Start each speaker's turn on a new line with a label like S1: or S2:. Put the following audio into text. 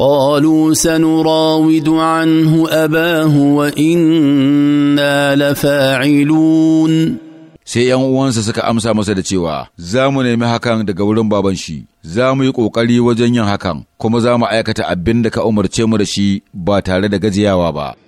S1: قالوا سنراود عنه أباه وإنا
S2: لفاعلون sai ‘yan uwansa suka amsa masa da cewa, Za mu nemi hakan daga wurin baban shi, za mu yi ƙoƙari wajen yin hakan, kuma za mu aikata abin da ka umarce mu da shi ba tare da gajiyawa ba.